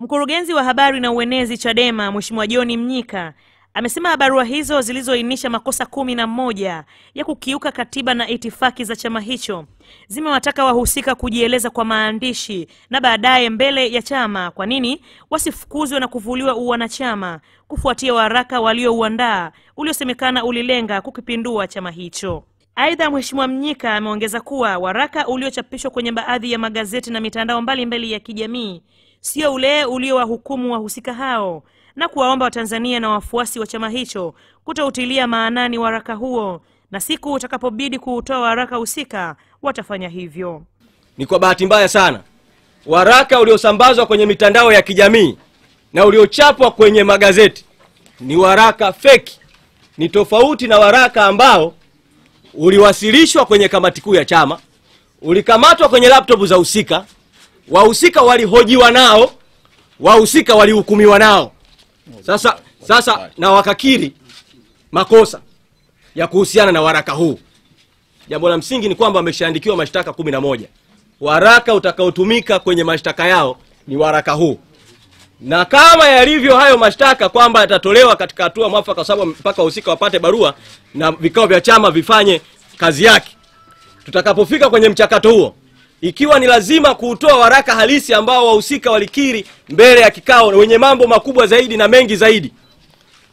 Mkurugenzi wa habari na uenezi Chadema Mheshimiwa John Mnyika amesema barua hizo zilizoainisha makosa kumi na moja ya kukiuka katiba na itifaki za chama hicho zimewataka wahusika kujieleza kwa maandishi na baadaye mbele ya chama kwa nini wasifukuzwe na kuvuliwa uwanachama kufuatia waraka waliouandaa uliosemekana ulilenga kukipindua chama hicho. Aidha, Mheshimiwa Mnyika ameongeza kuwa waraka uliochapishwa kwenye baadhi ya magazeti na mitandao mbalimbali ya kijamii sio ule uliowahukumu wahusika hao na kuwaomba Watanzania na wafuasi wa chama hicho kutoutilia maanani waraka huo, na siku utakapobidi kuutoa waraka husika watafanya hivyo. Ni kwa bahati mbaya sana, waraka uliosambazwa kwenye mitandao ya kijamii na uliochapwa kwenye magazeti ni waraka feki, ni tofauti na waraka ambao uliwasilishwa kwenye kamati kuu ya chama, ulikamatwa kwenye laptop za husika wahusika walihojiwa nao, wahusika walihukumiwa nao. Sasa, sasa na wakakiri makosa ya kuhusiana na waraka huu. Jambo la msingi ni kwamba wameshaandikiwa mashtaka kumi na moja. Waraka utakaotumika kwenye mashtaka yao ni waraka huu, na kama yalivyo hayo mashtaka kwamba yatatolewa katika hatua mwafaka, sababu mpaka wahusika wapate barua na vikao vya chama vifanye kazi yake. Tutakapofika kwenye mchakato huo, ikiwa ni lazima kuutoa waraka halisi ambao wahusika walikiri mbele ya kikao wenye mambo makubwa zaidi na mengi zaidi,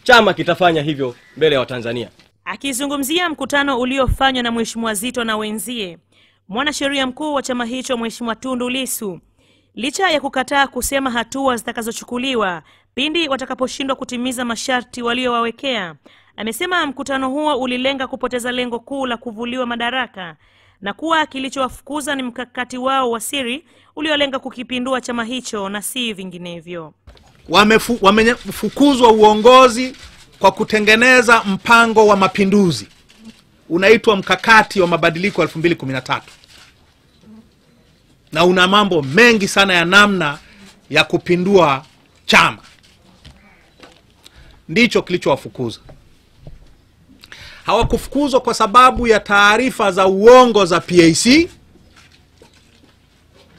chama kitafanya hivyo mbele ya Watanzania. Akizungumzia mkutano uliofanywa na Mheshimiwa Zito na wenzie, mwanasheria mkuu wa chama hicho Mheshimiwa Tundu lisu licha ya kukataa kusema hatua zitakazochukuliwa pindi watakaposhindwa kutimiza masharti waliowawekea, amesema mkutano huo ulilenga kupoteza lengo kuu la kuvuliwa madaraka na kuwa kilichowafukuza ni mkakati wao wa siri uliolenga kukipindua chama hicho na si vinginevyo. Wamefukuzwa uongozi kwa kutengeneza mpango wa mapinduzi unaitwa mkakati wa mabadiliko 2013 na una mambo mengi sana ya namna ya kupindua chama. Ndicho kilichowafukuza hawakufukuzwa kwa sababu ya taarifa za uongo za PAC.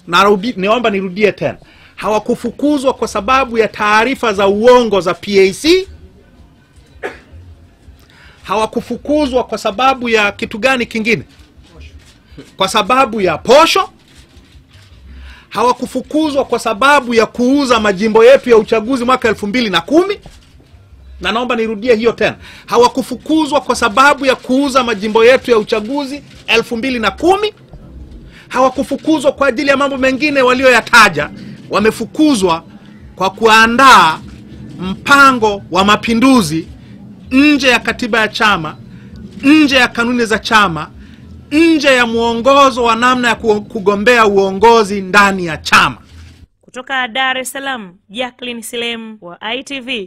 naomba niomba nirudie tena, hawakufukuzwa kwa sababu ya taarifa za uongo za PAC. Hawakufukuzwa kwa sababu ya kitu gani kingine? Kwa sababu ya posho. Hawakufukuzwa kwa sababu ya kuuza majimbo yetu ya uchaguzi mwaka elfu mbili na kumi na naomba nirudie hiyo tena, hawakufukuzwa kwa sababu ya kuuza majimbo yetu ya uchaguzi elfu mbili na kumi. Hawakufukuzwa kwa ajili ya mambo mengine walioyataja, wamefukuzwa kwa kuandaa mpango wa mapinduzi nje ya katiba ya chama, nje ya kanuni za chama, nje ya mwongozo wa namna ya kugombea uongozi ndani ya chama. Kutoka Dar es Salaam, jacklin Silem wa ITV.